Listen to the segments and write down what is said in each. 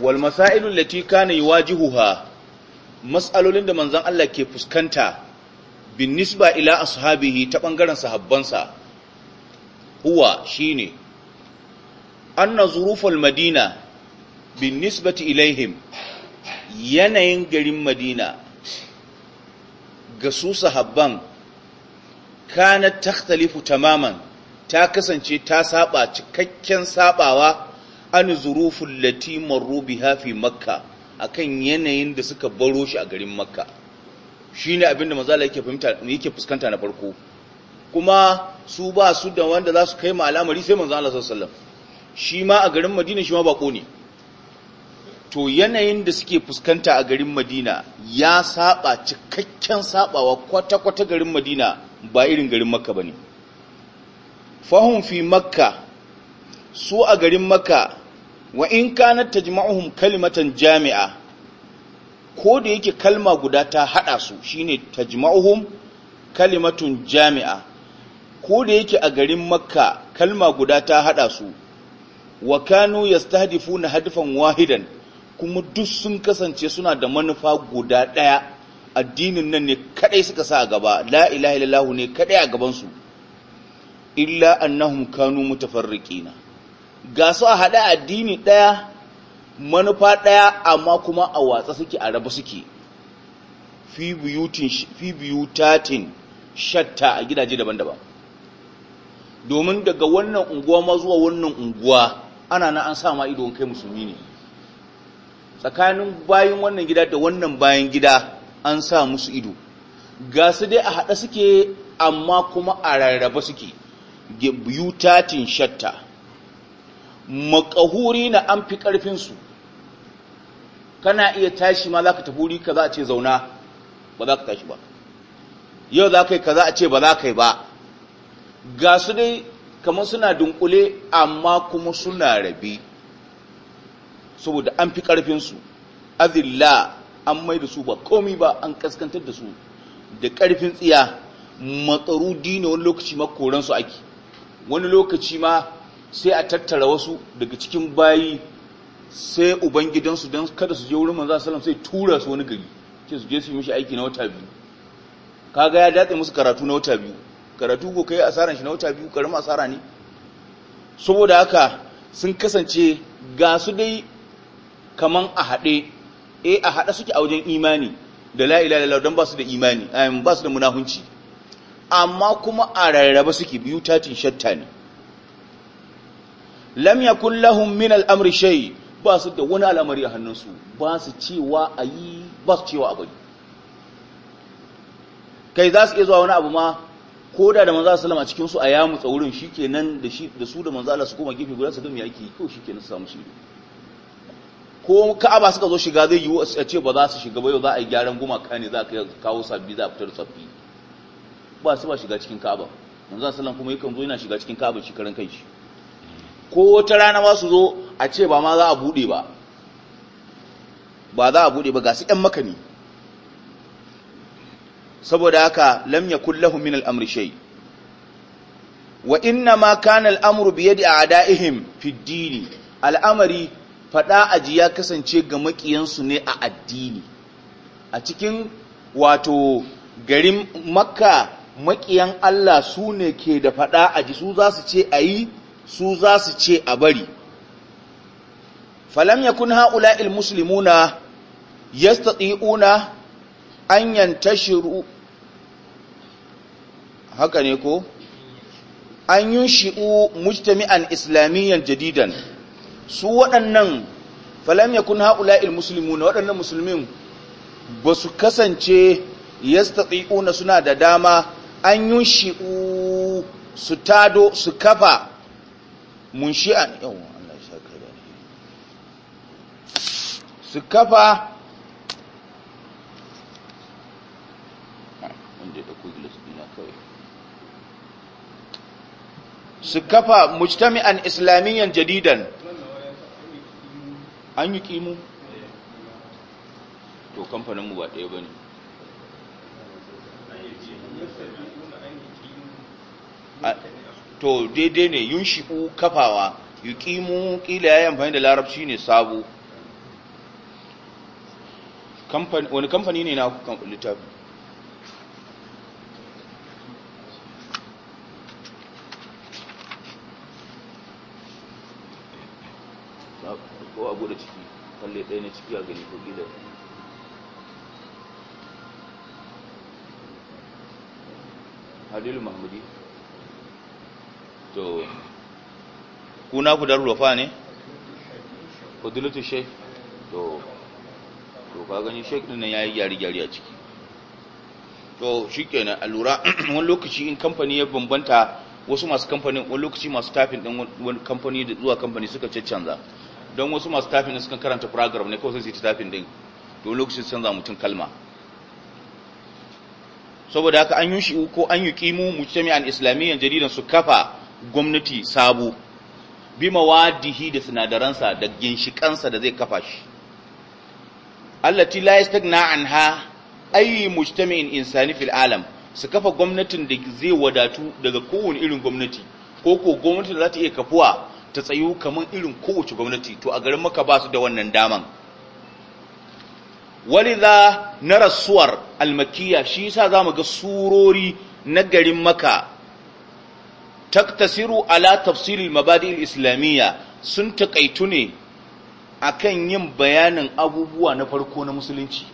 walmasa'ilun masailu ne yi yuwajihuha matsalolin da manzon Allah ke fuskanta bin nisba ila ashabihi ta ɓangaren sahabbansa huwa shine anna zurufal madina bin nisbati ilaihim yanayin garin madina ga su sahabban kana takhtalifu tamaman ta kasance ta saba cikakken sabawa an zurufin latimar rubi hafi makka akan yanayin da suka baro shi a garin makka shi ne abinda mazala yake fahimta fuskanta na farko kuma su ba su da wanda za su kai ma al'amari sai manzo Allah sallallahu alaihi wasallam shi ma a garin Madina shi ma bako ne to yanayin da suke fuskanta a garin Madina ya saba cikakken sabawa kwata-kwata garin Madina ba irin garin Makka bane fahum fi Makka su a garin Makka wa in kanat tajma'uhum kalimatan jami'a ko da yake kalma guda ta hada su shine tajma'uhum kalimatun jami'a ko da yake a garin makka kalma guda ta hada su wa kanu yastahdifuna hadfan wahidan kuma duk sun kasance suna da manufa guda daya addinin nan ne kadai suka sa gaba la ilaha illallah ne kadai a gaban su illa annahum kanu mutafarriqina ga su a haɗa addini ɗaya manufa ɗaya amma kuma a watsa suke a rabu suke fi biyu tatin shatta a gidaje daban-daban domin daga wannan unguwa ma zuwa wannan unguwa ana na an sa ma ido kai musulmi ne tsakanin bayan wannan gida da wannan bayan gida an sa musu ido ga su dai a haɗa suke amma kuma a rarraba suke biyu tatin shatta makahuri na an fi ƙarfinsu kana iya tashi ma za ka tafi wuri za a ce zauna ba za ka tashi ba yau za ka yi kaza a ce ba za ka yi ba ga su dai kamar suna dunkule amma kuma suna rabi saboda an fi ƙarfinsu azilla an mai da su ba komi ba an kaskantar da su da ƙarfin tsiya matsaru dina wani lokaci ma koransu ake wani lokaci ma sai a tattara wasu daga cikin bayi sai ubangidansu don kada su je wurin manzan salam sai tura su wani gari ce su je su yi mishi aiki na wata biyu kaga ya datse musu karatu na wata biyu karatu ko kai asaran shi na wata biyu karamin asara ne saboda haka sun kasance ga su dai kaman a haɗe e a haɗe suke a wajen imani da la don ba su da imani ba su da munahunci amma kuma a rarraba suke biyu tatin shatta ne lam yakun lahum min al-amri shay ba su da wani al'amari a hannunsu ba su cewa ayi ba su cewa abu kai za su iya zuwa wani abu ma ko da da manzo sallama a cikin su a yamu tsaurin shikenan da shi da su da manzo Allah su koma gefe guda su ga me yake ko shikenan su samu shi ko Ka'aba suka zo shiga zai yiwu a ce ba za su shiga ba yau za a yi gyaran gumaka ne za ka kawo sabbi za a fitar sabbi ba su ba shiga cikin Ka'aba manzo sallan kuma yakan zo yana shiga cikin Ka'aba shi karan kai shi ko wata rana ba su zo a ce ba ma za a bude ba ba za a bude ba ga su ‘yan makani saboda haka lam ya kullahu min al'amri shai wa inna ma kana al'amuru biye da ada'ihim fiddini al'amari faɗa aji ya kasance ga makiyansu ne a addini a cikin wato garin makka makiyan Allah su ne ke da faɗa aji su za su ce a yi su za su ce a bari falam yakun ya staɗi una an shiru haka ne ko an shi'u mujtami'an islamiyyar jadidan su waɗannan falam kun ha'ula'il muslimuna waɗannan musulmin ba su kasance una suna da dama an shi'u su tado su kafa munshi'an yau Allah ya kai da su kafa wanda ya ɗauko gilas dina kawai su kafa mujtami'an islamiyyan jadidan an yi kimu to kamfaninmu ba ɗaya ba ne a to daidai ne yunshi'u kafawa ƙila kila yi amfani da larabci ne sabo wani kamfani ne na littafi ko a ciki kalle ɗaya to kuna ku darul wafa ne fadilatu shaykh to to ka gani shaykh din nan yayi gyari gyari a ciki to shikenan a lura wani lokaci in kamfani ya bambanta wasu masu kamfanin wani lokaci masu tafin din wani kamfani da zuwa kamfani suka cancanza don wasu masu tafin din sukan karanta program ne kawai sai su tafin din to wani lokaci su canza mutum kalma saboda haka an yi shi ko an yi yuqimu mujtami'an islamiyyan jaridan su kafa gwamnati sabo bi mawadihi da sinadaransa da ginshikansa da zai kafa shi allati la yastagna anha ayi mujtami'in insani fil alam su kafa gwamnatin da zai wadatu daga kowane irin gwamnati ko ko gwamnati da za ta iya kafuwa ta tsayu kamar irin kowace gwamnati to a garin maka ba su da wannan daman walidha na rasuwar almakiya shi yasa zamu ga surori na garin maka taktasiru ala tafsiril mabadi'il islamiyya sun takaitu ne akan yin bayanin abubuwa na farko na musulunci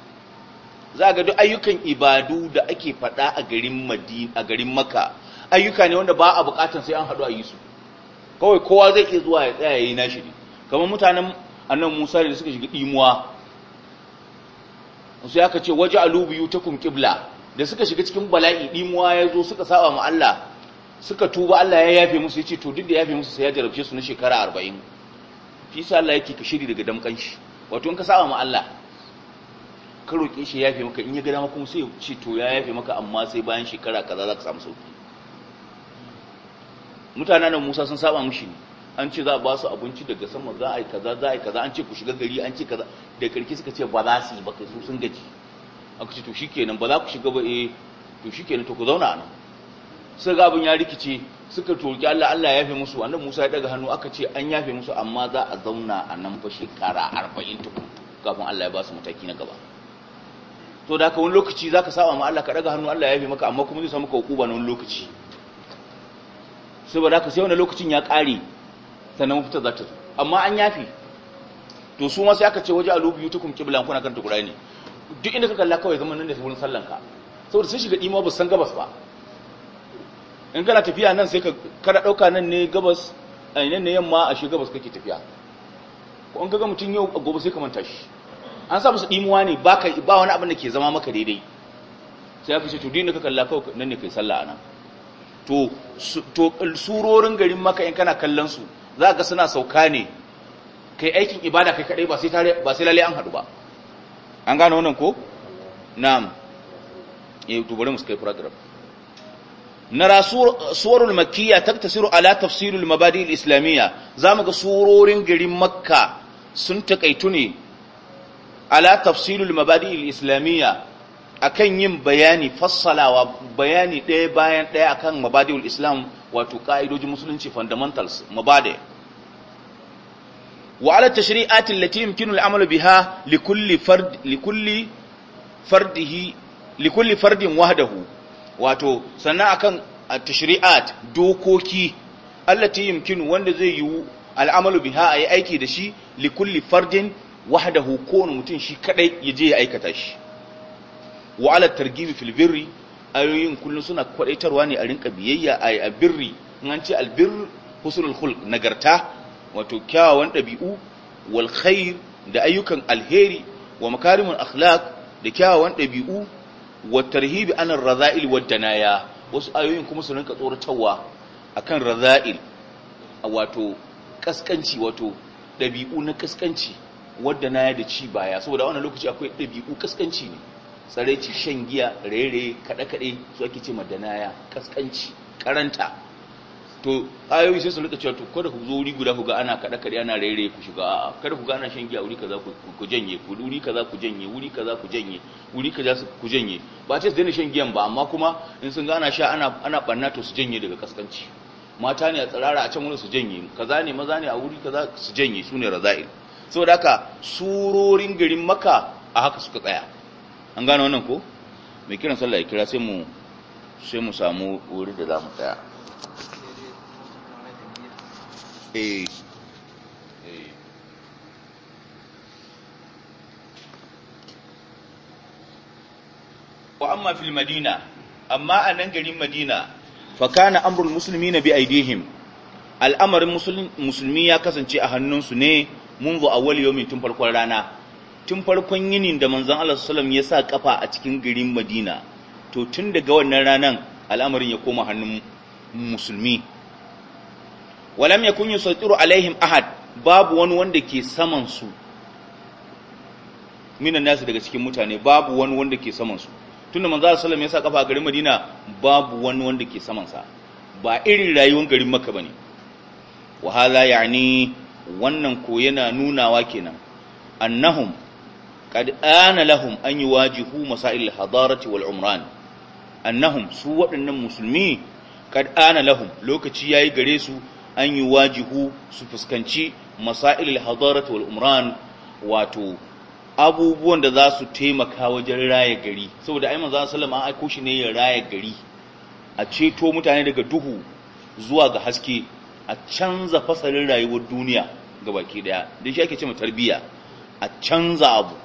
za ga duk ayyukan ibadu da ake faɗa a garin Madina a garin Makka ayyuka ne wanda ba a buƙatar sai an haɗu a yi su kawai kowa zai iya zuwa ya tsaya yayi nashi ne kamar mutanen annabi Musa da suka shiga dimuwa sai aka ce waja'alu qibla da suka shiga cikin bala'i dimuwa ya zo suka saba ma Allah suka tuba Allah ya yafe musu ya ce to duk da yafe musu sai ya jarabce su na shekara arba'in fi sa Allah yake ka shiri daga damkan shi wato in ka saba ma Allah ka roƙe shi ya yafe maka in ya ga dama kuma sai ya ce to ya yafe maka amma sai bayan shekara kaza za ka samu sauki mutanen nan Musa sun saba mushi ne an ce za a ba su abinci daga sama za a yi kaza za a yi kaza an ce ku shiga gari an ce kaza da karki suka ce ba za su yi ba kai su sun gaji aka ce to shikenan ba za ku shiga ba eh to shikenan to ku zauna a nan su ga abin ya rikice suka toki Allah Allah ya yafe musu wannan Musa ya daga hannu aka ce an yafe musu amma za a zauna a nan fa shekara 40 tukun kafin Allah ya ba su mataki na gaba to da ka wani lokaci zaka saba ma Allah ka daga hannu Allah ya yafe maka amma kuma zai samu ka hukuba na wani lokaci saboda ka sai wani lokacin ya kare sannan mafita za ta zo amma an yafi to su ma sai aka ce waje alubiyu tukun kibla kuna kan tukurai ne duk inda ka kalla kawai zaman nan da wurin sallanka saboda sun shiga dimo ba san gabas ba in kana tafiya nan sai ka kada dauka nan ne gabas a nan ne yamma a shi gabas kake tafiya ko in kaga mutum yau a gobe sai ka manta shi an sa musu ɗimuwa ne ba ba wani abin da ke zama maka daidai sai aka ce to dinka kalla kawai nan ne kai sallah anan to to surorin garin maka in kana kallon su za ka suna sauka ne kai aikin ibada kai kadai ba sai ba sai lalle an haɗu ba an gane wannan ko na'am eh to bari mu kai program nara suwarul makiyya taktasiru ala tafsirul mabadi islamiyya zamu ga surorin garin makka sun takaitu ne ala tafsirul mabadi islamiyya akan yin bayani fassalawa bayani ɗaya bayan ɗaya akan mabadi'ul islam wato ka'idojin musulunci fundamentals mabadi wa ala tashri'atin lati yumkinu al'amalu biha likulli fard likulli fardin wahdahu wato sannan akan tashri'at dokoki Allah allati yumkinu wanda zai yiwu al'amalu biha ayi aiki da shi li kulli fardin wahdahu kowane mutum shi kadai ya je ya aikata shi wa ala targibi fil birri ayoyin kullun suna kwadaitarwa ne a rinka biyayya a birri in an ce birr husnul khulq nagarta wato kyawawan dabi'u wal khair da ayyukan alheri wa makarimun akhlaq da kyawawan dabi'u wa tarhibi anan raza'il wa danaya wasu ayoyin kuma su rinka tsoratarwa akan raza'il wato kaskanci wato ɗabi'u na kaskanci wadda na ya da ci baya saboda wannan lokaci akwai ɗabi'u kaskanci ne tsareci shan giya rere kaɗe-kaɗe su ake ce madanaya kaskanci karanta to ayoyi sai su rika cewa to kada ku zo wuri guda ku ga ana kada kada ana raire ku shiga a'a kada ku ga ana shan giya wuri kaza ku janye ku wuri kaza ku janye wuri kaza ku janye wuri kaza ku janye ba ce su daina shan giyan ba amma kuma in sun ga ana sha ana ana barna to su janye daga kaskanci mata ne a tsirara a can wurin su janye kaza ne maza ne a wuri kaza su janye su ne raza'il saboda haka surorin garin maka a haka suka tsaya an gane wannan ko mai kiran sallah ya kira sai mu sai mu samu wuri da za mu tsaya eh wa amma fil madina amma a nan garin madina fa kana amrul muslimina bi aidihim al'amarin musulmi ya kasance a hannunsu ne zo awwal yawmin tun farkon rana tun farkon yinin da manzon Allah sallallahu alaihi wasallam ya sa kafa a cikin garin madina to tun daga wannan ranan al'amarin ya koma hannun musulmi walam yakun yusaitiru alaihim ahad babu wani wanda ke saman su minan nasu daga cikin mutane babu wani wanda ke saman su tunda manzo sallallahu alaihi wasallam ya sa kafa garin Madina babu wani wanda ke saman sa ba irin rayuwar garin Makka bane wa hala yani wannan ko yana nunawa kenan annahum qad ana lahum an yuwajihu masail hadarati wal umran annahum su waɗannan musulmi kad ana lahum lokaci yayi gare su an yi wajihu su fuskanci masailul hadarat wal umran wato abubuwan da za su taimaka wajen raya gari saboda ai manzo sallallahu alaihi aiko shi ne ya raya gari a ceto mutane daga duhu zuwa ga haske a canza fasalin rayuwar duniya ga baki daya dan shi ake cewa tarbiyya a canza abu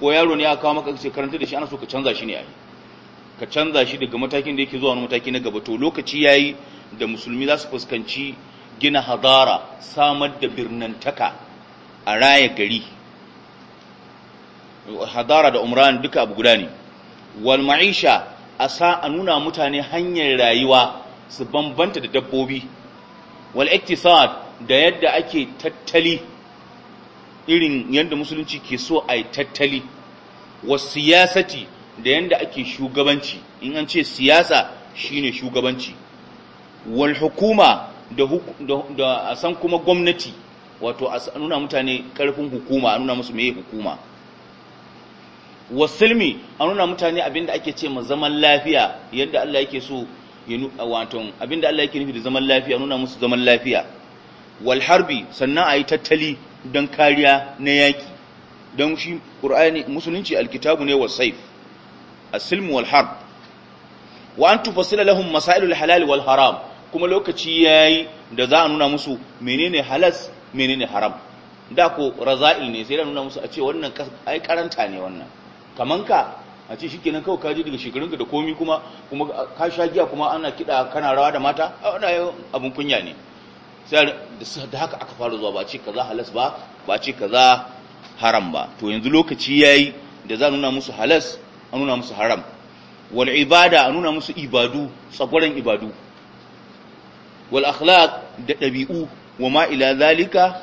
ko yaro ne ya kawo maka kace karanta da shi ana so ka canza shi ne ai ka canza shi daga matakin da yake zuwa wani mataki na gaba to lokaci yayi da musulmi za su fuskanci gina hadara samar da birnantaka a raya gari hadara da umran duka abu guda ne wal ma'isha a sa a nuna mutane hanyar rayuwa su bambanta da dabbobi wal iktisad da yadda ake tattali irin yadda musulunci ke so a yi tattali was siyasati da yadda ake shugabanci in an ce siyasa shine shugabanci wal hukuma da a san kuma gwamnati wato a nuna mutane karfin hukuma a nuna musu meye hukuma wasilmi a nuna mutane abinda ake ce ma zaman lafiya yadda Allah yake so wato abinda Allah yake nufi da zaman lafiya nuna musu zaman lafiya wal harbi sannan yi tattali don kariya na yaki don shi qur'ani musulunci alkitabu ne wasaif as wal harb wa an tufassila lahum masailul halal wal haram kuma lokaci yayi da za a nuna musu menene halas menene haram da ko raza'i ne sai da nuna musu a ce wannan ai karanta ne wannan kaman ka a ce shikenan kawai kaji daga shekarunka da komi kuma kuma ka sha giya kuma ana kida kana rawa da mata a wannan abun kunya ne sai da haka aka fara zuwa ba ce kaza halas ba ba ce kaza haram ba to yanzu lokaci yayi da za a nuna musu halas a nuna musu haram wal ibada a nuna musu ibadu tsagwaran ibadu wal akhlaq da ɗabi'u wa ma ila zalika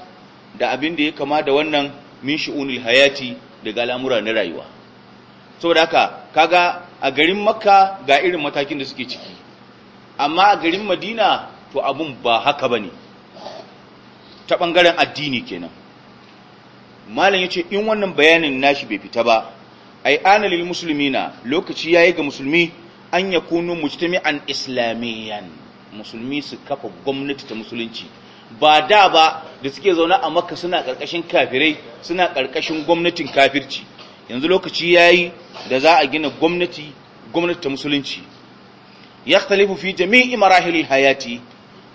da abin da ya kama da wannan min shu'unil hayati daga lamura na rayuwa saboda haka kaga a garin makka ga irin matakin da suke ciki amma a garin madina to abun ba haka bane ta ɓangaren addini kenan malam ya ce in wannan bayanin nashi bai fita ba ai ana lil muslimina lokaci ya yi ga musulmi an yakunu mujtami'an islamiyan musulmi su kafa gwamnati ta musulunci ba da ba da suke zaune a maka suna ƙarƙashin kafirai suna ƙarƙashin gwamnatin kafirci yanzu lokaci ya yi da za a gina gwamnati gwamnati ta musulunci ya talifu fi jami'i marahilil hayati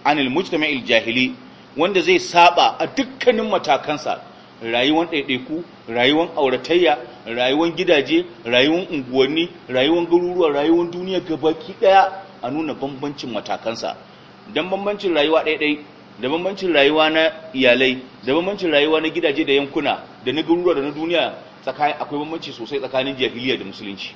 anil mujtama'il jahili wanda zai saba a dukkanin matakansa rayuwar ɗaiɗaiku rayuwar auratayya rayuwar gidaje rayuwar unguwanni rayuwar garuruwa rayuwar duniya gabaki ɗaya a nuna bambancin matakansa don bambancin rayuwa ɗaiɗai da bambancin rayuwa na iyalai da bambancin rayuwa na gidaje da yankuna da na garuruwa da na duniya tsakanin akwai bambanci sosai tsakanin jahiliya da musulunci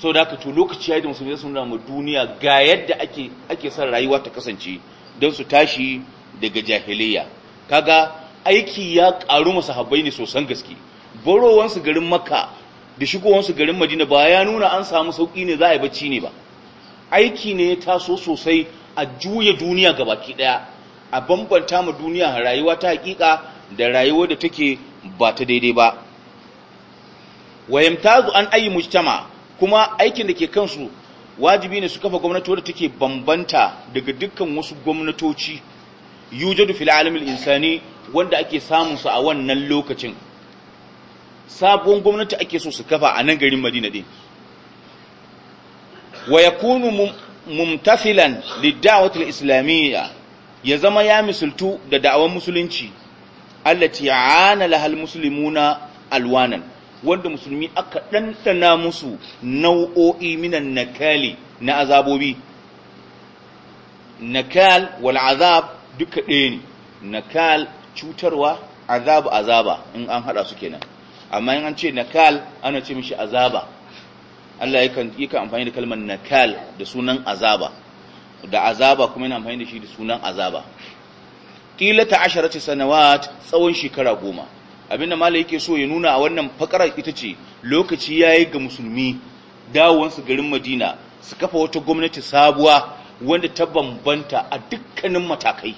sau da haka to lokaci ya yi da musulmi sun nuna duniya ga yadda ake ake son rayuwa ta kasance don su tashi daga jahiliya kaga aiki ya karu masahabbai ne sosan gaske borowansu garin makka da shigowansu garin madina ba ya nuna an samu sauƙi ne za a yi bacci ne ba aiki ne ya taso sosai a juya duniya ga baki daya a bambanta ma duniya rayuwa ta hakika da rayuwa da take ba ta daidai ba wayamtazu an ayi mujtama kuma aikin da ke kansu wajibi ne su kafa gwamnati wadda take bambanta daga dukkan wasu gwamnatoci yujadu fil alamil insani wanda ake samun su a wannan lokacin sabon gwamnati ake so su kafa a nan garin Madina din wa yakunu mumtathilan lid-da'wati islamiyya ya zama ya misultu da da'awan musulunci allati ana lahal muslimuna alwanan wanda musulmi aka dandana musu nau'o'i minan nakali na azabobi nakal walazab duka ɗaya ne nakal cutarwa azab azaba in an haɗa su kenan amma in an ce nakal ana ce mishi azaba Allah yakan yakan amfani da kalmar nakal da sunan azaba da azaba kuma yana amfani da shi da sunan azaba qilata asharati sanawat tsawon shekara goma abinda malai yake so ya nuna a wannan fakara ita ce lokaci yayi ga musulmi dawowansu garin Madina su kafa wata gwamnati sabuwa wanda ta bambanta a dukkanin matakai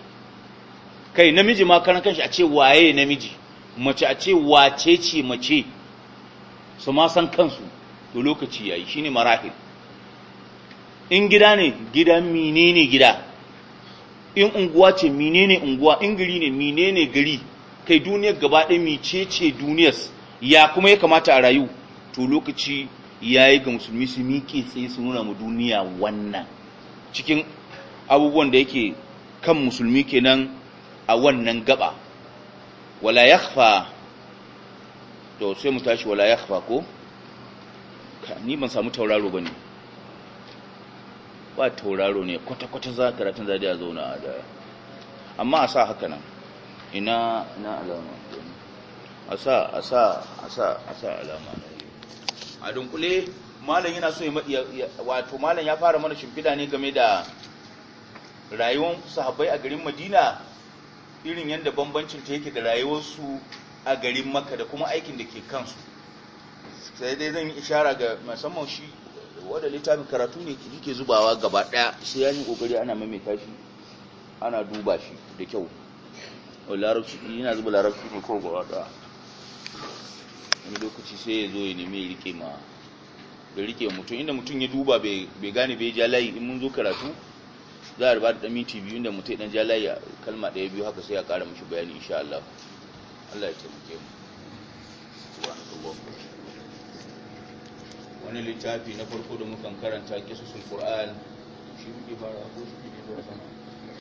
kai namiji ma karan kanshi a ce waye namiji mace a ce wace ce mace su ma san kansu to lokaci yayi shine marahil in gida ne gida menene gida in unguwa ce menene unguwa in gari ne menene gari kai duniyar gaba ɗaya ce duniyar ya kuma ya kamata a rayu to lokaci yayi ga musulmi su miƙe sai su nuna mu duniya wannan cikin abubuwan da yake kan musulmi kenan a wannan gaba wala yakhfa to sai mu tashi wala yakhfa ko ni ban samu tauraro ba ne ba tauraro ne kwata-kwata za karatun zadi a zauna da amma a sa haka nan ina na alama a sa a sa a sa a sa alama na a dunkule malam yana so ya wato malam ya fara mana shimfida ne game da rayuwar sahabbai a garin madina irin yadda bambancin ta yake da rayuwarsu a garin makka da kuma aikin da ke kansu sai dai zan yi ishara ga musamman shi wanda littafin karatu ne yake zubawa gaba daya sai ya yi kokari ana maimaita shi ana duba shi da kyau larabci yana zuba larabci ne ko gaba daya wani lokaci sai ya zo ya nemi ya rike ma ya rike mutum inda mutum ya duba bai gane bai ja layi in mun zo karatu za a riba da dami biyu inda mutum dan ja layi kalma daya biyu haka sai ya kara mashi bayani insha Allah Allah ya taimake mu wani littafi na farko da mukan karanta kisusul qur'an shi muke fara ko shi ne da sama